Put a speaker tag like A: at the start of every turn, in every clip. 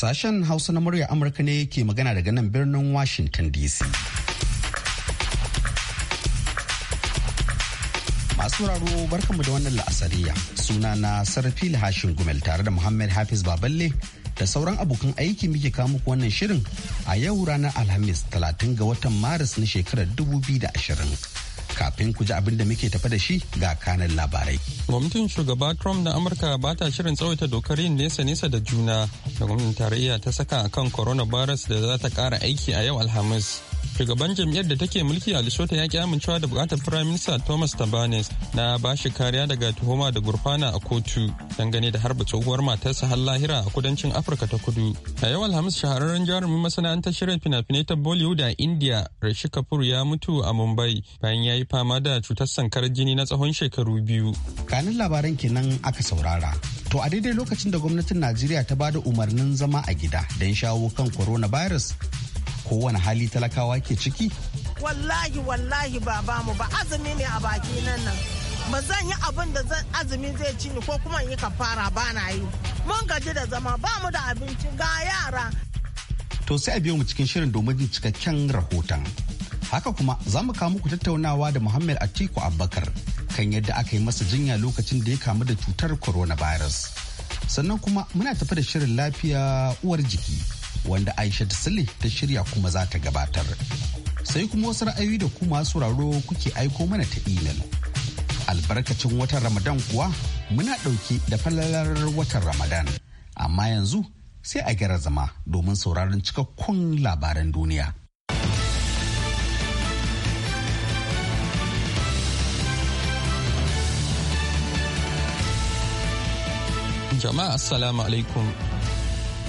A: Sashen Hausa na murya Amurka ne ke magana daga nan birnin Washington DC. Masu raro barkanmu da wannan la'asariya suna na Sarfil Hashin Gumel tare da Muhammad Hafiz Baballe da sauran abokan aiki muke kawo muku wannan shirin a yau ranar Alhamis 30 ga watan Maris na shekarar 2020. kafin ku ji abin da muke tafa da shi ga kanan labarai.
B: Gwamnatin shugaba Trump na Amurka ba ta shirin tsawaita dokar yin nesa-nesa da juna da gwamnatin tarayya ta saka akan coronavirus da za ta kara aiki a yau Alhamis. shugaban jam'iyyar da take mulki a lesotho ya ki amincewa da bukatar prime minister thomas tabanes na bashi kariya daga tuhuma da gurfana a kotu dangane da harba tsohuwar matarsa har lahira a kudancin afirka ta kudu a yau alhamis shahararren jarumin masana'antar shirin fina-finai ta bollywood a india rishi kapoor ya mutu a mumbai bayan ya yi fama da cutar sankar jini na tsawon shekaru biyu kanin labaran kenan aka saurara
A: To a daidai lokacin da gwamnatin Najeriya ta bada umarnin zama a gida don shawo kan coronavirus kowane hali talakawa ke ciki?
C: Wallahi wallahi ba ba mu ba azumi ne a baki nan nan. Ba zan yi abin da azumi zai ci ko kuma yi kafara ba na yi. Mun gaji da zama ba mu da abinci ga yara.
A: To sai a biyo mu cikin shirin domin jin cikakken rahoton. Haka kuma za mu kawo muku tattaunawa da Muhammad Atiku Abubakar kan yadda aka yi masa jinya lokacin da ya kamu da cutar coronavirus. Sannan kuma muna tafi da shirin lafiya uwar jiki. wanda Aisha Sule ta shirya kuma za ta gabatar. Sai kuma wasu ra'ayoyi da kuma sauraro kuke aiko mana ta imel. Albarkacin watan Ramadan kuwa muna ɗauke da falalar watan Ramadan. Amma yanzu sai a gyara zama domin sauraron cikakkun labaran duniya.
B: Jama'a Assalamu alaikum.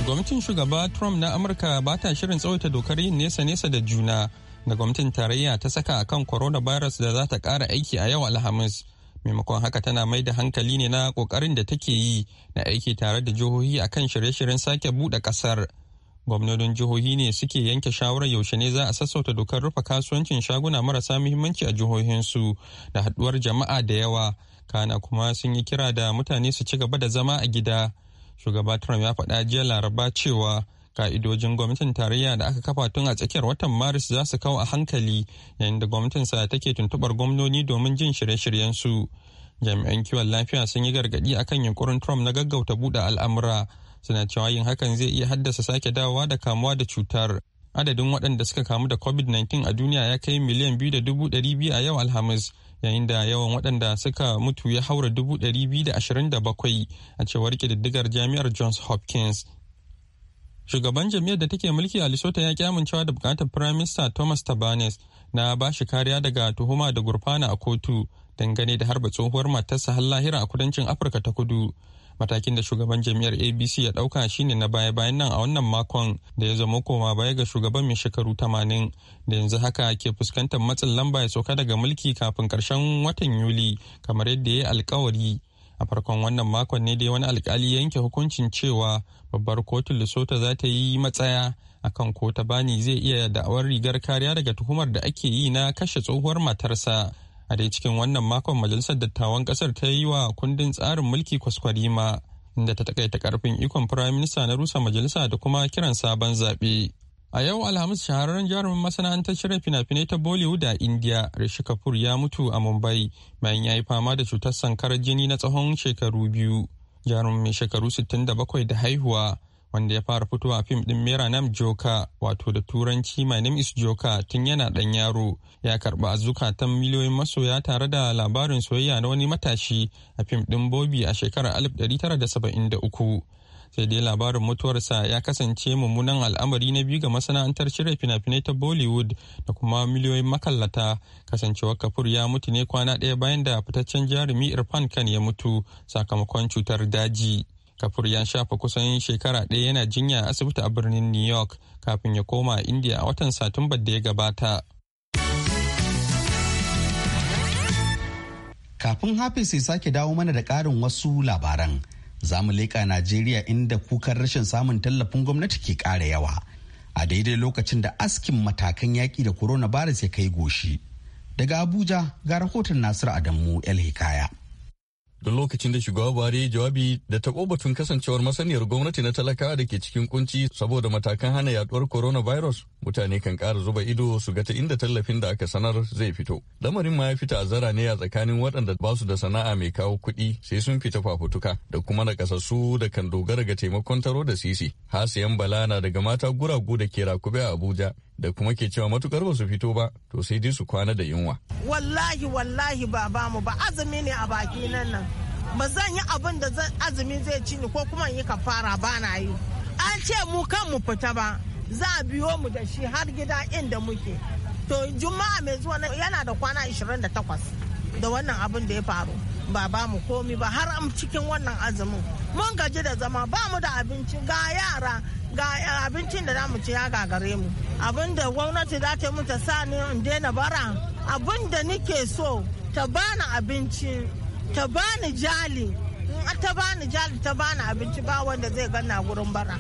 B: gwamnatin shugaba trump na amurka ba ta shirin tsawaita dokar yin nesa-nesa da juna da gwamnatin tarayya ta saka a kan coronavirus da za ta kara aiki a yau alhamis maimakon haka tana mai da hankali ne na kokarin da take yi na aiki tare da jihohi a kan shirye-shiryen sake buɗe ƙasar gwamnonin jihohi ne suke yanke shawarar yaushe ne za a sassauta dokar rufe kasuwancin shaguna marasa muhimmanci a jihohinsu da haɗuwar jama'a da yawa kana kuma sun yi kira da mutane su ci gaba da zama a gida shugaba trump ya faɗa jiya laraba cewa ka'idojin gwamnatin tarayya da aka kafa tun a tsakiyar watan maris za su kawo a hankali yayin da gwamnatin sa take tuntubar gwamnoni domin jin shirye shiryen su jami'an kiwon lafiya sun yi gargaɗi akan yunkurin trump na gaggauta buɗe al'amura suna cewa yin hakan zai iya haddasa sake dawowa da kamuwa da cutar adadin waɗanda suka kamu da covid-19 a duniya ya kai miliyan biyu da dubu ɗari biyu a yau alhamis yayin da yawan waɗanda suka mutu ya haura dubu ɗari biyu da ashirin da bakwai a cewar ƙididdigar jami'ar johns hopkins shugaban jami'ar da take mulki a lesotho ya kyamuncewa da bukatar prime minister thomas tabanes na ba shi kariya daga tuhuma da gurfana a kotu dangane da harba tsohuwar matarsa har lahira a kudancin afirka ta kudu matakin da shugaban jami'ar abc ya dauka shine na baya-bayan nan a wannan makon da ya zama koma baya ga shugaban mai shekaru 80 da yanzu haka ke fuskantar matsin lamba ya sauka daga mulki kafin karshen watan yuli kamar yadda ya yi alkawari a farkon wannan makon ne dai wani alkali yanke hukuncin cewa babbar kotun lesotho za ta yi matsaya akan ko ta bani zai iya da'awar rigar kariya daga tuhumar da ake yi na kashe tsohuwar matarsa a dai cikin wannan makon majalisar dattawan kasar ta yi wa kundin tsarin mulki kwaskwarima inda ta takaita karfin ikon firayim minista na rusa majalisa da kuma kiran sabon zaɓe a yau alhamis shahararren jarumin masana'antar shirin fina-finai ta bollywood a india rishi kapoor ya mutu a mumbai bayan ya yi fama da cutar sankarar jini na tsawon shekaru biyu jarumin mai shekaru 67 da haihuwa wanda ya fara fitowa a fim din mera nam joka wato da turanci my name is joka tun yana dan yaro ya karba ta miliyoyin masoya tare da labarin soyayya na wani matashi a fim din bobi a shekarar uku sai dai labarin mutuwarsa ya kasance mummunan al'amari na biyu ga masana'antar shirya fina-finai ta bollywood da kuma miliyoyin makallata kasancewar kafur ya mutu ne kwana ɗaya bayan da fitaccen jarumi irfan kan ya mutu sakamakon cutar daji kafur ya shafa kusan shekara ɗaya yana jinya a asibiti a birnin new york kafin ya koma india a watan satumbar da ya gabata
A: kafin hafiz ya sake dawo mana da ƙarin wasu labaran za mu leƙa najeriya inda kukan rashin samun tallafin gwamnati ke ƙara yawa a daidai lokacin da askin matakan yaƙi da coronavirus ya kai goshi daga abuja ga rahoton nasiru adamu el hikaya
D: duk lokacin da shugaba buhari ya jawabi da taɓo batun kasancewar masaniyar gwamnati na talakawa da ke cikin kunci saboda matakan hana yaduwar coronavirus mutane kan ƙara zuba ido su ga ta inda tallafin da aka sanar zai fito lamarin ma ya fita a zara ne a tsakanin waɗanda ba su da sana'a mai kawo kuɗi sai sun fita fafutuka da kuma na kasassu da kan dogara ga taimakon taro da sisi hasiyan bala na daga mata guragu da ke rakube a abuja da kuma ke cewa matukar ba su fito ba to sai dai su kwana da yunwa.
C: Wallahi wallahi ba mu ba azumi ne a baki nan nan. Ba zan yi abin da azumi zai ci ni ko kuma yi kafara ba na yi. An ce mu kan mu fita ba za a biyo mu da shi har gida inda muke. To juma'a mai zuwa yana da kwana 28. da wannan abin da ya faru ba ba mu komi ba har am cikin wannan azumin mun gaji da zama ba mu da abinci ga yara ga abincin da namu ci ya gagare mu abin da gwamnati za ta mu ta sa ni in daina bara abin da nike so ta bani abinci ta bani jali ta bani jali ta bani abinci ba wanda zai ganna gurin bara.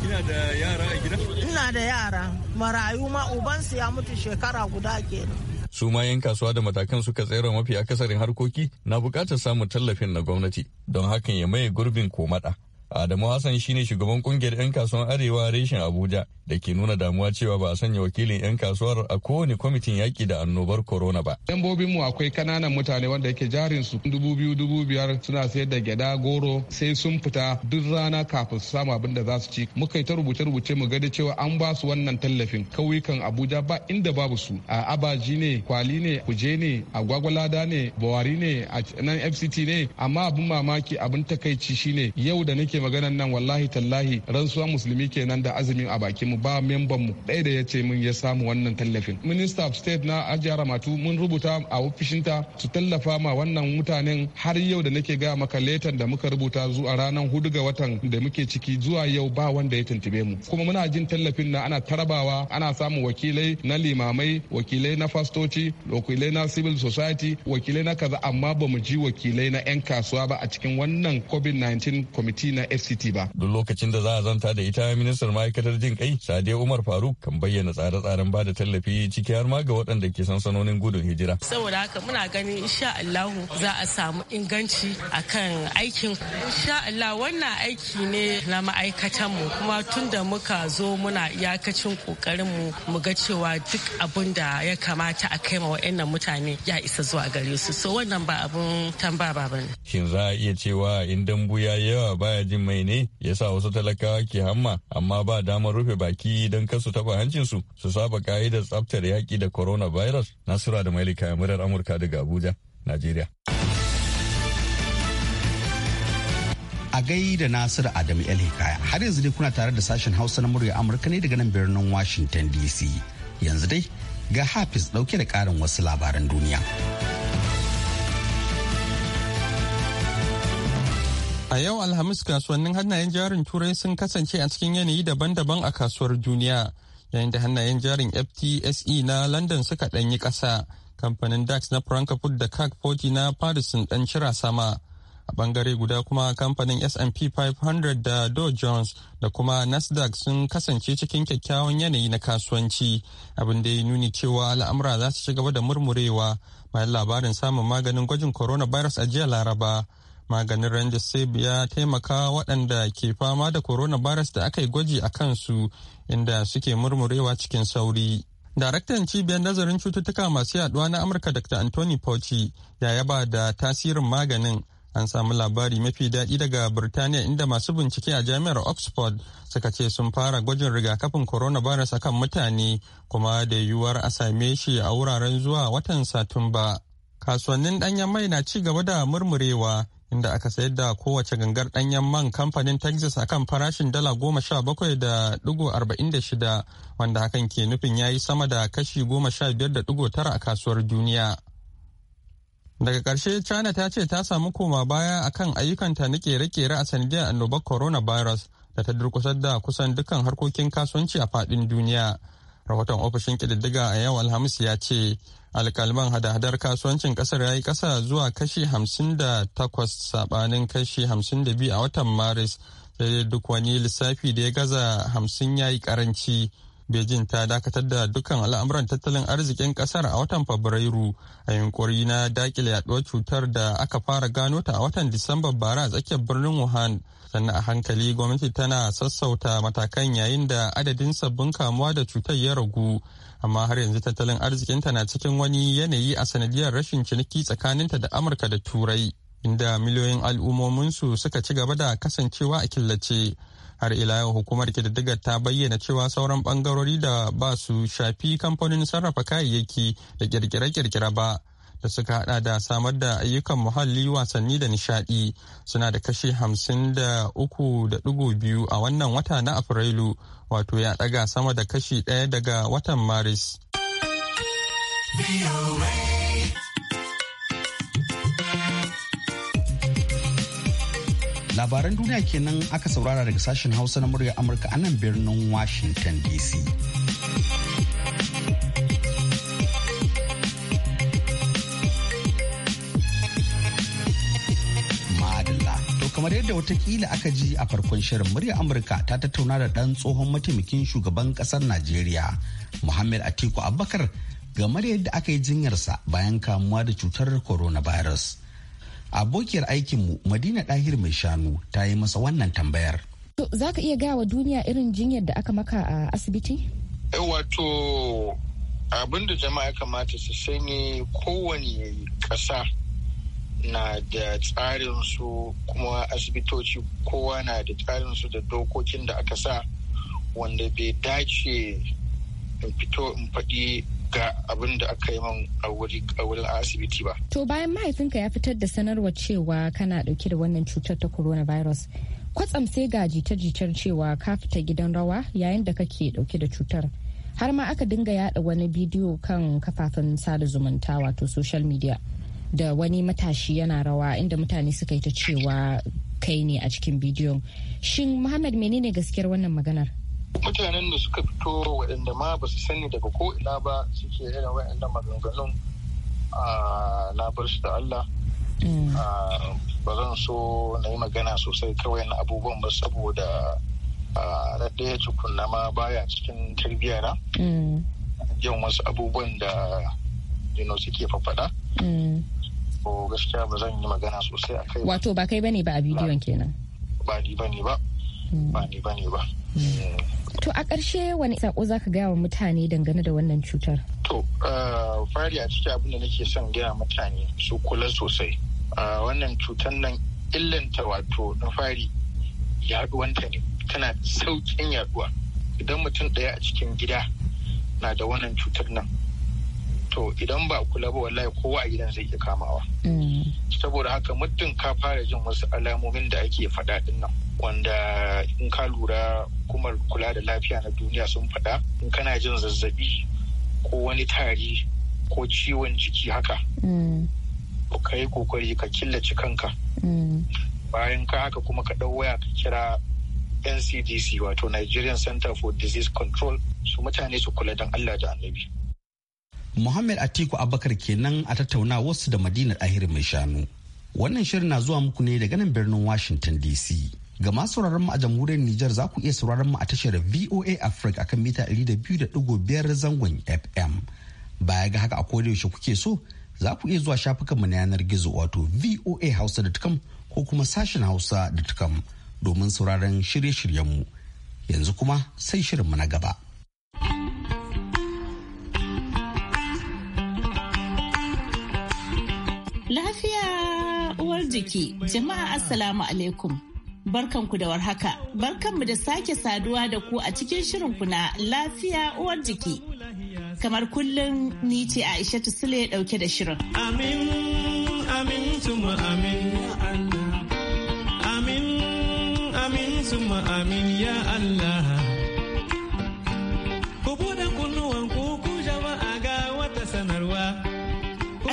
D: Kina da yara a gida?
C: Ina da yara marayu ma ubansu ya mutu shekara guda kenan.
D: su ma yan kasuwa da matakan suka tsere mafi akasarin harkoki na bukatar samun tallafin na gwamnati don hakan ya maye gurbin komada Adamu Hassan shine shugaban kungiyar 'yan kasuwar Arewa reshen Abuja da ke nuna damuwa cewa ba a sanya wakilin 'yan kasuwar a kowane kwamitin yaƙi da annobar corona ba.
E: dambobin mu akwai kananan mutane wanda yake jarin su dubu biyu dubu biyar suna sayar da gyada goro sai sun fita duk rana kafin su samu abin da za su ci. Muka yi ta rubuce rubuce mu gada cewa an ba su wannan tallafin kauyukan Abuja ba inda babu su a abaji ne kwali ne kuje ne agwagwalada ne bawari ne a nan FCT ne amma abin mamaki abin takaici shine yau da nake maganan nan wallahi tallahi rantsuwa musulmi kenan da azumin a bakin mu ba memban mu ɗaya da ya ce min ya samu wannan tallafin minister of state na ajiyar ramatu mun rubuta a ofishinta su tallafa ma wannan mutanen har yau da nake ga maka letan da muka rubuta zuwa ranar hudu ga watan da muke ciki zuwa yau ba wanda ya tuntube mu kuma muna jin tallafin na ana tarabawa ana samun wakilai na limamai wakilai na fastoci wakilai na civil society wakilai na kaza amma ba mu ji wakilai na 'yan kasuwa ba a cikin wannan covid-19 committee na fct ba
D: duk lokacin da za a zanta da ita ministar ma'aikatar jin kai sadiya umar faruk kan bayyana tsare-tsaren ba da tallafi ciki har ma ga waɗanda ke sansanonin gudun hijira
F: saboda haka muna ganin insha allahu za a samu inganci akan aikin insha allah wannan aiki ne na ma'aikatan mu kuma tun da muka zo muna iyakacin kokarin mu ga cewa duk abun da ya kamata a kai ma waɗannan mutane ya isa zuwa gare su so wannan ba abun tamba ba bane
D: shin za a iya cewa in dambu ya yawa baya jin mai ne ya sa wasu talakawa ke hamma amma ba damar rufe baki don kasu taba hancinsu su saba ka'idar tsabtar yaƙi da coronavirus. Nasura da Mailika murar Amurka daga Abuja, Najeriya.
A: a gai da Nasiru Adamu Hikaya har yanzu dai kuna tare da sashen Hausa na murya Amurka ne daga nan birnin Washington DC. Yanzu dai ga Hafiz dauke da
B: karin wasu labaran
A: duniya.
B: A yau Alhamis kasuwannin hannayen jarin Turai sun kasance a cikin yanayi daban-daban a kasuwar duniya, yayin da hannayen jarin FTSE na London suka ɗanyi ƙasa, kamfanin DAX na Frankfurt da CAC 40 na Paris sun ɗan cira sama. A ɓangare guda kuma kamfanin S&P 500 da Dow Jones da kuma Nasdaq sun kasance cikin kyakkyawan yanayi na kasuwanci, abin da ya nuni cewa al'amura za su ci gaba da murmurewa bayan labarin samun maganin gwajin coronavirus a jiya Laraba. maganin remdesivir ya taimaka waɗanda ke fama da corona coronavirus da aka yi gwaji a kansu inda suke murmurewa cikin sauri daraktan cibiyar nazarin cututtuka masu yaduwa na amurka dr anthony fauci ya yaba da tasirin maganin an samu labari mafi daɗi daga birtaniya inda masu bincike a jami'ar oxford suka ce sun fara gwajin rigakafin corona coronavirus kan mutane kuma da yiwuwar a same shi a wuraren zuwa watan satumba kasuwannin ɗanyen mai na ci gaba da murmurewa inda aka sayar da kowace gangar ɗanyen man kamfanin Texas akan farashin dala goma sha bakwai da digo arba'in da shida wanda hakan ke nufin ya yi sama da kashi goma sha biyar da digo tara a kasuwar duniya. Daga ƙarshe China ta ce ta samu koma baya akan ayyukanta na kere-kere a sanadiyar annobar coronavirus da ta durkusar da kusan dukkan harkokin kasuwanci a faɗin duniya. rahoton ofishin kididdiga a yau alhamis ya ce alkalman hada-hadar kasuwancin kasar ya yi kasa zuwa kashi 58 sabanin kashi 52 a watan maris da duk wani lissafi da ya gaza 50 ya yi karanci Beijing ta dakatar da dukkan al'amuran tattalin arzikin kasar a watan Fabrairu a yunkuri na dakile yaduwar cutar da aka fara gano ta a watan Disamba bara a tsakiyar birnin Wuhan. Sannan a hankali gwamnati tana sassauta matakan yayin da adadin sabbin kamuwa da cutar ya ragu. Amma har yanzu tattalin arzikinta na cikin wani yanayi a sanadiyar rashin ciniki tsakaninta da Amurka da Turai, inda miliyoyin al'ummominsu suka ci gaba da kasancewa a killace. har ila yau hukumar kididdigar ta bayyana cewa sauran bangarori da ba su shafi kamfanin sarrafa kayayyaki da kirkire-kirkire ba da suka hada da samar da ayyukan muhalli wasanni da nishadi suna da kashi hamsin da uku da dugu biyu a wannan wata na afrilu wato ya daga sama da kashi daya daga watan maris.
A: labaran duniya kenan aka saurara daga sashen hausa na murya amurka a nan birnin washington dc kamar yadda watakila aka ji a farkon shirin murya amurka ta tattauna da ɗan tsohon mataimakin shugaban ƙasar najeriya muhammad atiku abubakar game da yadda aka yi jinyarsa bayan kamuwa da cutar coronavirus abokiyar aikinmu madina dahir mai shanu ta yi masa wannan tambayar
F: to za ka iya gawa duniya irin jinyar da aka maka a asibiti
G: wato abin da jama'a kamata su sani kowane ƙasa na da tsarin su kuma asibitoci kowa na da tsarin su da dokokin da aka sa wanda bai dace in fito in faɗi ga abin da aka yi min a wurin a asibiti ba.
F: To bayan mahaifinka ya fitar da sanarwa cewa kana dauke da wannan cutar ta coronavirus. Kwatsam sai ga jita-jitar cewa ka fita gidan rawa yayin da kake dauke da cutar. Har ma aka dinga yada wani bidiyo kan kafafen sada zumunta wato social media da wani matashi yana rawa inda mutane suka yi ta cewa kai ne a cikin bidiyon. Shin Muhammad menene gaskiyar wannan maganar?
G: mutanen da suka fito waɗanda ma ba su sani daga ko ina ba suke irin waɗanda maganganun na labar su da Allah mm. ba zan so na yi magana sosai kawai na abubuwan ba saboda na ɗaya na ma baya cikin tarbiyya na yin mm. wasu abubuwan da jino suke fafaɗa ko mm. gaskiya ba zan yi magana sosai a kai wato
F: ba kai bane ba a bidiyon kenan
G: ba ni bane ba ba ne ba ne ba. Eh.
F: To a ƙarshe wani sako za ka gaya wa mutane dangane da wannan cutar?
G: To eh, fari a cikin abin da nake son gaya mutane su kula sosai. Eh, wannan cutar nan illanta wato na fari yaduwanta ne tana saukin yaduwa. Idan mutum ɗaya a cikin gida na da wannan cutar nan to idan ba kula ba wallahi kowa a gidan zai iya kamawa mm. saboda haka muddin ka fara jin wasu alamomin da ake faɗa din nan wanda in ka lura hukumar kula da lafiya na duniya sun faɗa in kana jin zazzabi ko wani tari ko ciwon jiki haka mm. ka yi kokari ka killace kanka mm. bayan ka haka kuma ka ɗau waya ka kira ncdc wato nigerian center for disease control su mutane su kula don allah da annabi
A: Muhammad Atiku Abakar kenan a tattauna wasu da madinar ahiri mai shanu. Wannan shirin na zuwa muku ne daga nan birnin Washington DC. Ga masu mu a jamhuriyar Nijar za ku iya sauraron mu a tashar VOA Africa akan mita 200.5 zangon FM. Baya ga haka a yaushe kuke so za ku iya zuwa shafukan mu na yanar gizo wato VOA voahausa.com ko kuma sashen hausa.com domin sauraron shirye shiryen mu Yanzu kuma sai shirin mu na gaba.
F: Lafiya uwar jiki, jama'a Assalamu alaikum. Barkanku da warhaka, barkanmu da sake saduwa da ku a cikin shirin kuna lafiya uwar jiki. Kamar kullum ni ce Aisha Sule dauke da shirin.
H: Amin, amin, tuma amin ya Allah. Amin, amin, tuma amin ya Allah.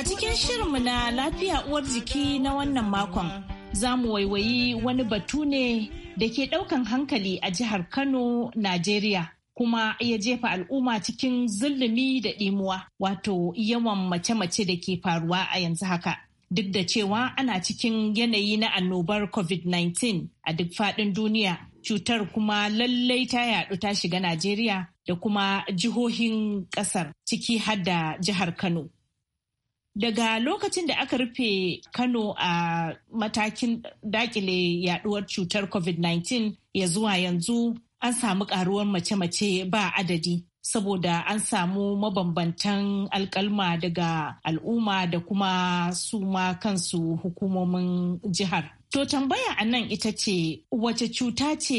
F: A cikin shirinmu na lafiya uwar jiki na wannan makon, za mu waiwayi wani batu ne da ke ɗaukan hankali a jihar Kano, Najeriya. kuma ya jefa al'umma cikin zulumi da ɗimuwa wato yawan mace-mace da ke faruwa a yanzu haka. Duk da cewa ana cikin yanayi na annobar COVID-19 a duk faɗin duniya, cutar kuma lallai ta yaɗu ta shiga Najeriya da kuma jihohin ƙasar ciki har jihar Kano. Daga lokacin da aka rufe Kano a matakin dakile yaduwar cutar COVID-19 ya zuwa yanzu an samu karuwar mace-mace ba adadi. saboda an samu mabambantan alkalma daga al'umma da kuma su ma kansu hukumomin jihar. To tambaya a nan ita ce wace cuta ce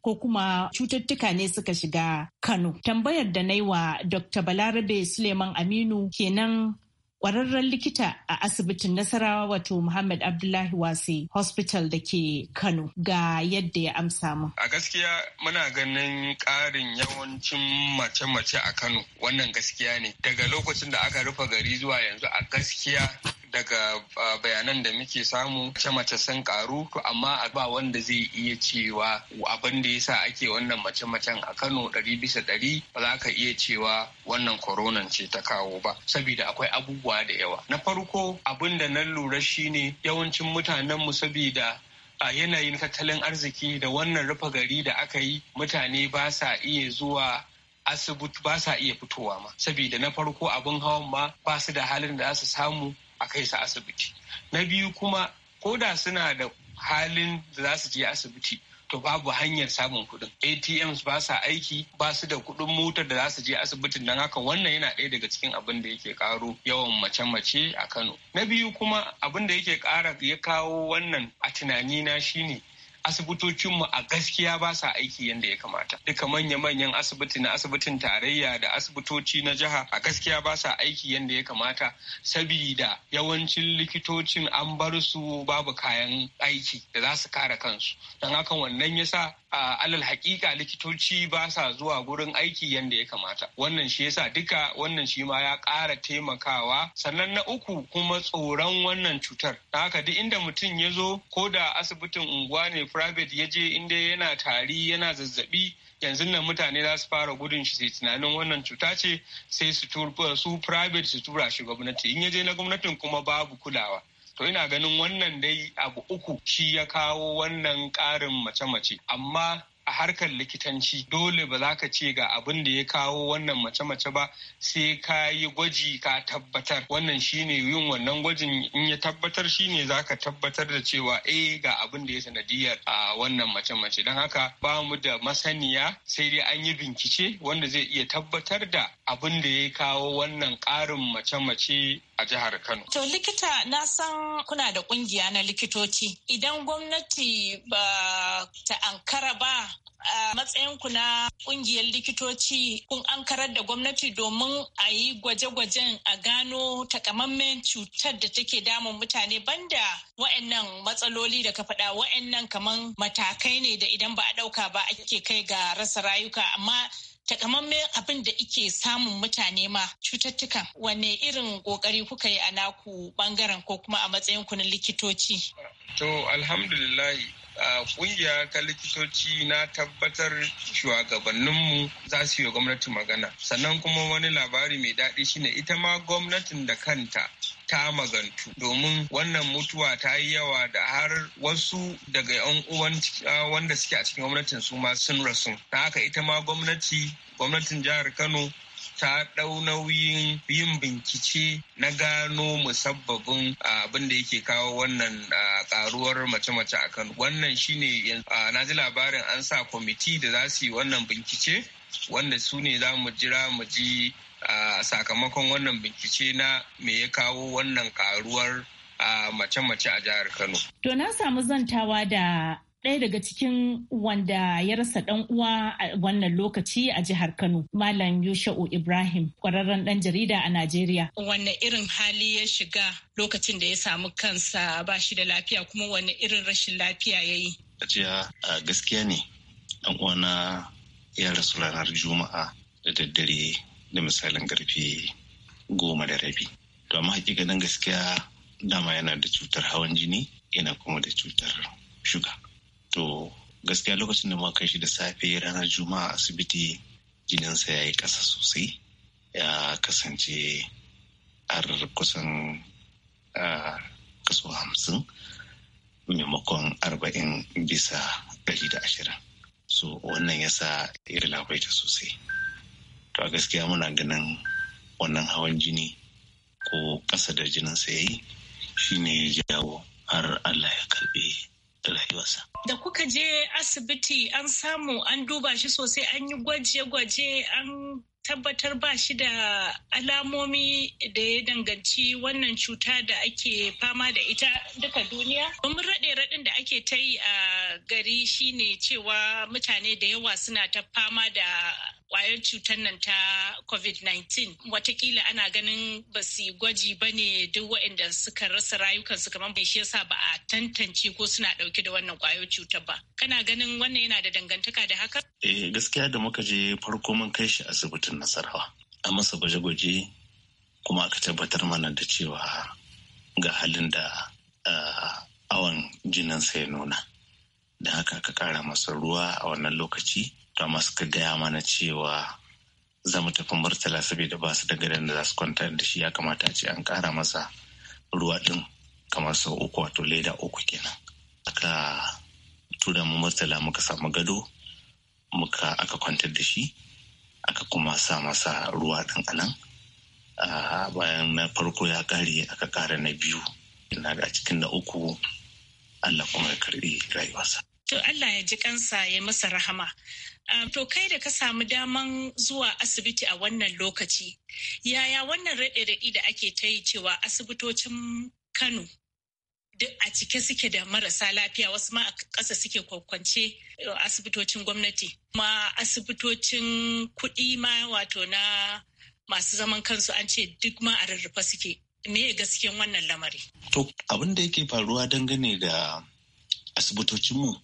F: ko kuma cututtuka ne suka shiga Kano. Tambayar da na wa Dr. Balarabe Suleiman Aminu kenan kwararren likita a asibitin nasarawa wato muhammad abdullahi Wasi hospital da ke kano ga yadda ya amsa mu
H: a gaskiya muna ganin ƙarin yawancin mace-mace a kano wannan gaskiya ne daga lokacin da aka rufe gari zuwa yanzu a gaskiya daga bayanan da muke samu mace-mace sun karu amma ba wanda zai iya cewa abin da yasa ake wannan mace-macen a Kano ɗari bisa ɗari ba za ka iya cewa wannan koronan ce ta kawo ba saboda akwai abubuwa da yawa na farko abin da na lura shine yawancin mutanen mu saboda a yanayin tattalin arziki da wannan rufe gari da aka yi mutane ba sa iya zuwa asibiti ba sa iya fitowa ma saboda na farko abin hawan ma ba su da halin da za su samu a kai su asibiti na biyu kuma ko da suna da halin da za su je asibiti to babu hanyar samun kudin atms ba sa aiki ba su da kudin motar da za su je asibitin don haka wannan yana ɗaya daga cikin abin da yake karo yawan mace-mace a kano na biyu kuma abin da yake kara ya kawo wannan a tunanina shine asibitocinmu a gaskiya ba sa aiki yadda ya kamata duka manya-manyan asibiti na asibitin tarayya da asibitoci na jiha a gaskiya ba sa aiki yadda ya kamata sabida yawancin likitocin an bar su babu kayan aiki da za su kare kansu don hakan wannan yasa a alal hakika likitoci ba sa zuwa gurin aiki yadda ya kamata wannan shi yasa duka wannan shi ma ya ƙara taimakawa sannan na uku kuma tsoron wannan cutar haka duk inda mutum ya zo ko da asibitin unguwa ne private ya je inda yana tari yana zazzabi yanzu nan mutane za su fara gudun shi sai tunanin wannan cuta ce sai su su private su tura shi gwamnati in ya je na gwamnatin kuma babu kulawa to ina ganin wannan dai abu uku shi ya kawo wannan karin mace-mace amma a harkar likitanci dole ba za ka ce ga abin da ya kawo wannan mace-mace ba sai ka yi gwaji ka tabbatar wannan shine yin wannan gwajin in ya tabbatar shine za ka tabbatar da cewa eh ga abin da ya sanadiyar a wannan mace-mace don haka ba mu da masaniya sai dai an yi bincike wanda zai iya tabbatar da abin da ya kawo wannan ƙarin mace-mace a jihar Kano.
F: To likita na san kuna da ƙungiya na likitoci. Idan gwamnati ba ta ankara ba a matsayinku na ƙungiyar likitoci kun ankarar da gwamnati domin a yi gwaje-gwajen a gano takamammen cutar da take damun mutane banda wa'annan matsaloli da ka faɗa wa'annan kaman matakai ne da idan ba a ɗauka ba ake kai ga rasa rayuka amma takamamme abin da ike samun mutane ma cututtukan wanne irin kokari kuka yi a naku bangaren ko kuma a matsayin ku na likitoci
H: to alhamdulillahi kungiya ta likitoci na tabbatar shugabanninmu za su yi gwamnati magana sannan kuma wani labari mai daɗi shine ita ma gwamnatin da kanta ta magantu domin wannan mutuwa ta yi yawa da har wasu daga 'yan uwan wanda suke a cikin gwamnatin su ma sun rasu ta haka ita ma gwamnati gwamnatin jihar kano ta ɗau nauyin yin bincike na gano musabbabin ah, abin da yake kawo wannan karuwar ah, mace-mace a Kano. Wannan shine ah, na ji labarin an sa kwamiti da za su yi wannan bincike wanda su ne za mu jira mu ji sakamakon wannan bincike na me ya kawo wannan karuwar a mace-mace a jihar Kano.
F: To na samu zantawa da ɗaya daga cikin wanda ya rasa ɗan uwa a wannan lokaci a jihar Kano, Malam Yusha'u Ibrahim, ƙwararren ɗan jarida a Najeriya. Wanne irin hali ya shiga lokacin da ya samu kansa ba shi da lafiya kuma wanne irin rashin lafiya ya yi?
I: Ajiya a gaskiya ne, ɗan uwana ya rasu ranar Juma'a da daddare da misalin karfe goma da rabi. To amma hakikanin gaskiya dama yana da cutar hawan jini yana kuma da cutar shuga. to gaskiya lokacin da muka kai shi da safe ranar juma'a asibiti jininsa ya yi ƙasa sosai ya kasance har kusan kaso hamsin maimakon arba'in bisa ɗari da ashirin so wannan ya sa iri labaita sosai to a gaskiya muna ganin wannan hawan jini ko ƙasa da jininsa ya yi shine ya jawo har allah ya karɓe rayuwarsa.
F: Da kuka je asibiti an samu an duba shi sosai an yi gwaje-gwaje an tabbatar ba shi da alamomi da ya danganci wannan cuta da ake fama da ita duka duniya. Domin raɗe raɗin da ake ta yi a gari shine cewa mutane da yawa suna ta fama da kwayar cutar nan ta covid-19 watakila ana ganin ba su gwaji ba ne duk waɗanda suka rasa rayukansu kamar bai shi yasa ba a tantance ko suna ɗauke da wannan kwayar cutar ba kana ganin wannan yana da dangantaka da haka
I: eh gaskiya da muka je farko mun kai shi asibitin nasarawa a masa gwaje-gwaje kuma aka tabbatar mana da cewa ga halin da awon jinin ya nuna da haka aka kara masa ruwa a wannan lokaci to amma suka gaya mana cewa zamu tafi murtala saboda ba su da gadon da za su kwanta da shi ya kamata ce an kara masa ruwa din kamar sau uku wato leda uku kenan aka tura mu murtala muka samu gado muka aka kwantar da shi aka kuma sa masa ruwa din a nan bayan na farko ya kare aka kara na biyu ina da cikin na uku Allah kuma ya karbi rayuwarsa.
F: To Allah ya ji kansa ya masa rahama. Ah, to kai da ka samu daman zuwa asibiti a wannan lokaci, yaya wannan raɗe-raɗi da ake ta yi cewa asibitocin Kano duk a cike suke da marasa lafiya wasu ma a ƙasa suke kwakwance eh, asibitocin gwamnati. Ma asibitocin kuɗi ma wato na masu zaman kansu an ce duk ma a rarrafa suke. Me ya gaskiyan wannan lamari?
I: To abin da yake faruwa dangane da asibitocinmu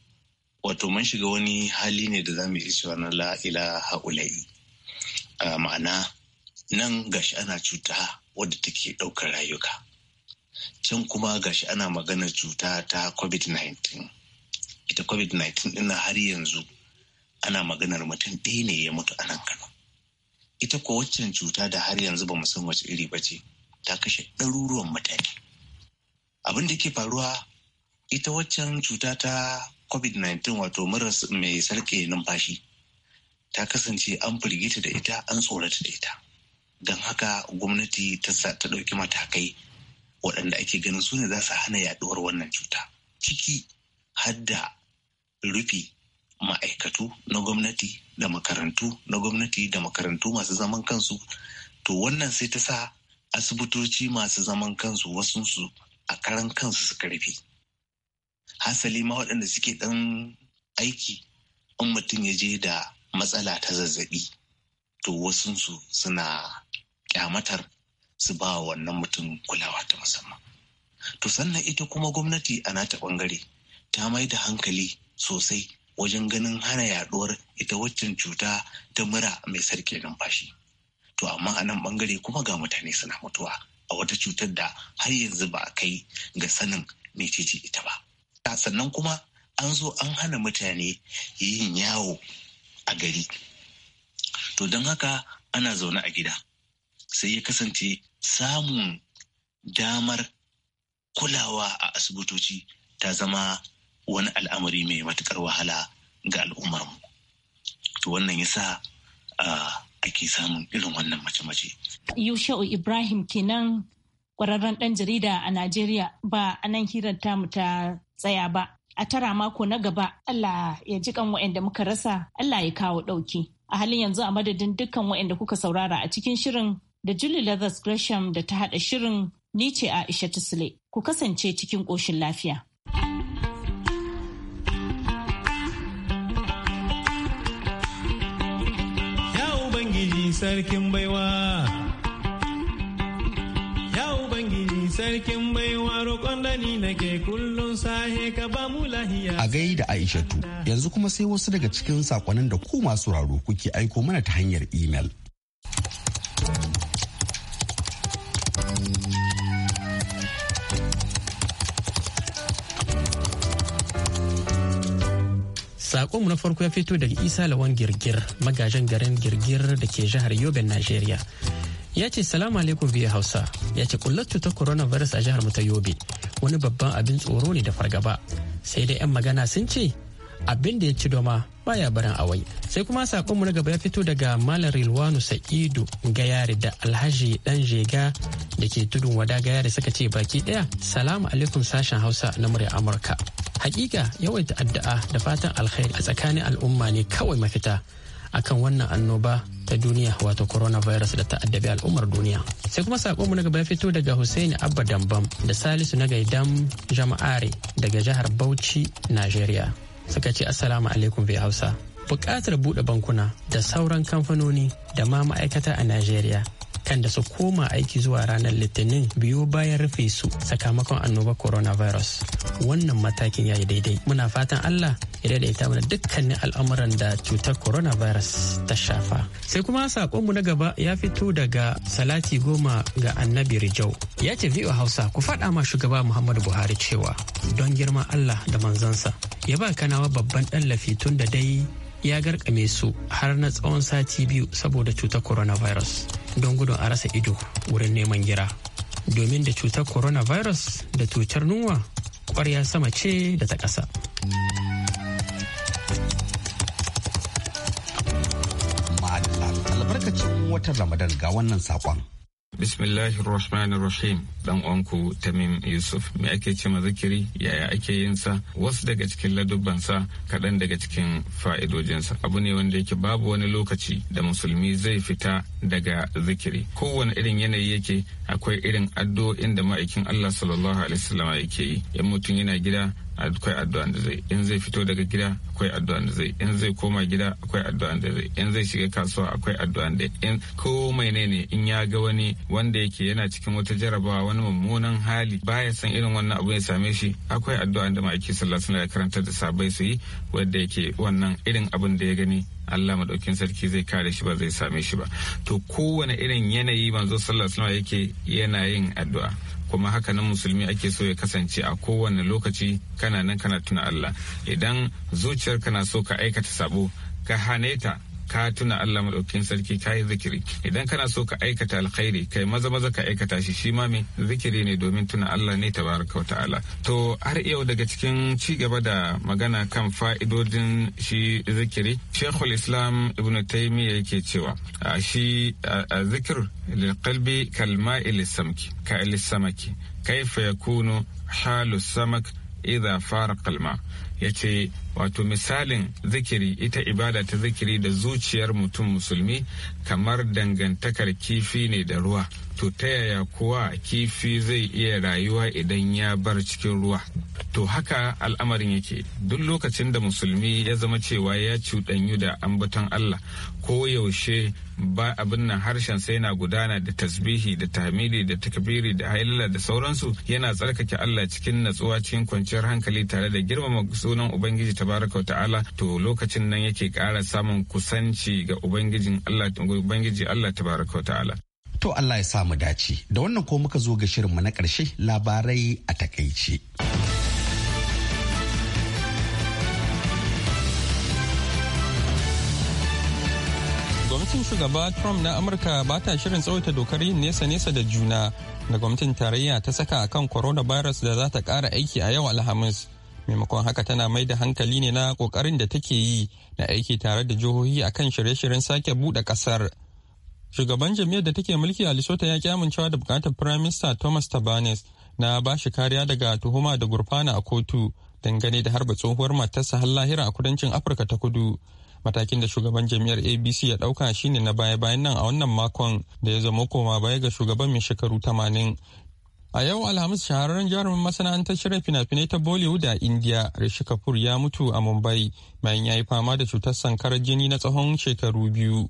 I: wato mun shiga wani hali ne da za mu iya cewa na la'ila A ah, ma'ana nan gashi ana cuta wadda take ɗaukar rayuka can kuma gashi ana magana cuta ta covid-19 ita covid-19 ɗin har yanzu ana maganar mutum ɗaya ne ya mutu a nan kano ita ko waccan cuta da har yanzu ba san wace iri ba ce ta kashe ɗaruruwan mutane abin da ke faruwa ita waccan cuta ta covid-19 wato maras mai sarke numfashi ta kasance an firgita da ita an tsorata da ita don haka gwamnati ta ɗauki matakai waɗanda ake ganin su ne za su hana yaɗuwar wannan cuta ciki har da rufe ma'aikatu na gwamnati da makarantu na gwamnati da makarantu masu zaman kansu to wannan sai ta sa asibitoci masu zaman kansu wasunsu a karan kansu suka rufe hasali ma waɗanda suke ɗan aiki in mutum ya je da matsala ta zazzabi to wasunsu suna kyamatar su ba wannan mutum kulawa ta musamman to sannan ita kuma gwamnati a nata ɓangare ta mai da hankali sosai wajen ganin hana yaɗuwar ita waccan cuta ta mura mai sarki numfashi to amma a nan ɓangare kuma ga mutane suna mutuwa a wata cutar da har yanzu ba a kai ga sanin mecece ita ba sannan kuma an zo an hana mutane yin yawo a gari to don haka ana zaune a gida sai ya kasance samun damar kulawa a asibitoci ta zama wani al'amari mai matukar wahala ga al'ummarmu to wannan yasa ah, ake samun irin wannan mace-mace
F: yushau ibrahim kenan kwararren ɗan jarida a Najeriya ba a nan hirar tamu ta tsaya ba a tara mako na gaba Allah ya ji kan muka rasa Allah ya kawo ɗauki. A halin yanzu a madadin dukkan wa'inda kuka saurara a cikin shirin da Julie Leathers Gresham da ta haɗa shirin ni ce Aisha Tisle Ku kasance cikin ƙoshin lafiya.
H: Ya Ubangiji sarkin baiwa. nake kullum sahe ka ba lahiya.
A: A gai da Aishatu yanzu kuma sai wasu daga cikin sakonnin da ku masu raro kuke aiko mana ta hanyar imel.
J: Sakonmu na farko ya fito daga Isa Lawan Girgir, magajin garin Girgir da ke jihar Yobe, Najeriya. ya ce salamu alaikum biya hausa ya ce kullar cutar coronavirus a jihar mu ta yobe wani babban abin tsoro ne da fargaba sai dai 'yan magana sun ce abin da ya ci doma baya barin awai sai kuma sakonmu na gaba ya fito daga Mallam rilwanu sa'idu gayari da alhaji dan jega da ke tudun wada gayari suka ce baki daya salamu alaikum sashen hausa na murya amurka hakika yawaita addu'a da fatan alkhairi a tsakanin al'umma ne kawai mafita akan wannan annoba ta duniya wato coronavirus da ta addabi al'ummar duniya sai kuma sakonmu na gaba ya fito daga hussein abba dambam da salisu na gaidam jama'are daga jihar bauchi nigeria suka ce assalamu alaikum bai hausa buƙatar buɗe bankuna da sauran kamfanoni da ma ma'aikata a Najeriya kan da su koma aiki zuwa ranar litinin biyu bayan rufe su sakamakon annobar coronavirus wannan matakin ya yi daidai muna fatan allah ya daidaita mana dukkanin al'amuran da cutar coronavirus ta shafa. Sai kuma sakonmu na gaba ya fito daga Salati Goma ga Annabi Rijau. Ya ce VO Hausa ku faɗa ma shugaba Muhammadu Buhari cewa don girma Allah da manzansa ya ba kanawa babban ɗallafi tun da dai ya garkame su har na tsawon sati biyu saboda cutar coronavirus don gudun a rasa ido wurin neman gira. Domin da cutar coronavirus da cutar nuwa kwarya sama ce da ta ƙasa.
A: watan Ramadan ga wannan sakon.
K: Bismillahir Rahmanir Rahim dan uwanku Tamim Yusuf me ake ce ma zikiri yaya ake yin sa wasu daga cikin sa kaɗan daga cikin sa abu ne wanda yake babu wani lokaci da musulmi zai fita daga zikiri kowane irin yanayi yake akwai irin addu'o'in da ma'aikin Allah sallallahu alaihi wasallam yake yi in mutum yana gida akwai addu'an da zai in zai fito daga gida akwai addu'an da zai in zai koma gida akwai addu'an da zai in zai shiga kasuwa akwai addu'an da in ko mai ne in ya ga wani wanda yake yana cikin wata jarabawa wani mummunan hali baya san irin wannan abu ya same shi akwai addu'an da ma'aiki sallah suna da karantar da sabai su yi wanda yake wannan irin abin da ya gani Allah madaukin sarki zai kare shi ba zai same shi ba to kowane irin yanayi manzo sallallahu alaihi yake yana yin addu'a kuma haka nan musulmi ake so ya kasance a kowane lokaci kana nan kana tuna Allah idan zuciyarka na so ka aikata sabo ka hane ta ka tuna Allah maɗaukin sarki ka yi zikiri idan kana so ka aikata alkhairi kai maza maza ka aikata shi shi ma me zikiri ne domin tuna Allah ne tabaraka ta'ala to har yau daga cikin ci gaba da magana kan fa'idodin shi zikiri Sheikhul Islam Ibn Taymiyyah yake cewa shi zikir lil kalma kalma'i lisamki ka lisamaki kaifa yakunu halu samak idha faraqa al ya ce wato misalin zikiri ita ibada ta zikiri da zuciyar mutum musulmi kamar dangantakar kifi ne da ruwa to ta yaya kowa kifi zai iya rayuwa idan ya bar cikin ruwa to haka al'amarin yake duk lokacin da musulmi ya zama cewa ya cuɗanyu da ambaton allah ko yaushe ba abin nan harshen sai na gudana da tasbihi da tahmidi da takbiri da haila da sauransu yana tsarkake allah cikin natsuwa cikin kwanciyar hankali tare da girmama sunan ubangiji tabaraka ta'ala to lokacin nan yake kara samun kusanci ga ubangijin allah ubangiji allah ta'ala To Allah ya sa mu dace. Da wannan ko muka zo
A: ga shirinmu na ƙarshe labarai a takaice.
B: Gwamnatin shugaba Trump na Amurka ba ta shirin tsawaita dokar yin nesa-nesa da juna da gwamnatin tarayya ta saka akan coronavirus da za ta ƙara aiki a yau Alhamis. Maimakon haka tana mai da hankali ne na ƙoƙarin da take yi na aiki tare da jihohi akan shirye-shiryen sake buɗe ƙasar. Shugaban jami'ar da take mulki a Lesotho ya ki amincewa da bukatar Prime Minister Thomas Tabanes na ba shi kariya daga tuhuma da gurfana a kotu dangane da harba tsohuwar matarsa har lahira a kudancin Afirka ta kudu. Matakin da shugaban jami'ar ABC ya dauka shine na baya-bayan nan a wannan makon da ya zama koma baya ga shugaban mai shekaru tamanin. A yau Alhamis shahararren jarumin masana'antar shirin fina-finai ta Bollywood a India, Rishi Kapoor ya mutu a Mumbai bayan ya yi fama da cutar sankarar jini na tsawon shekaru biyu.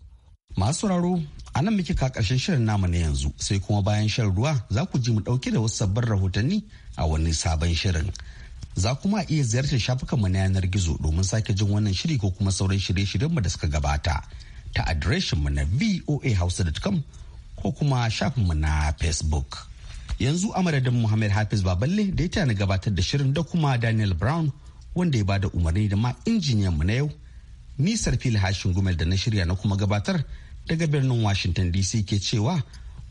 A: Masu sauraro a nan muke ka ƙarshen shirin namu na yanzu sai kuma bayan shan ruwa za ku ji mu ɗauke da wasu sabbin rahotanni a wani sabon shirin. Za kuma iya ziyartar shafukanmu na yanar gizo domin sake jin wannan shiri ko kuma sauran shirye-shiryenmu da suka gabata ta adireshinmu na voahausa.com ko kuma shafinmu na Facebook. Yanzu Amadadin Muhammad Hafiz Baballe da ya na gabatar da shirin da kuma Daniel Brown wanda ya bada umarni da ma injiniyanmu na yau. nisar fili hashin gumel da na shirya na kuma gabatar daga birnin washington dc ke cewa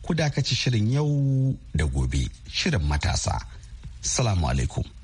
A: ku dakaci shirin yau da gobe shirin matasa salamu alaikum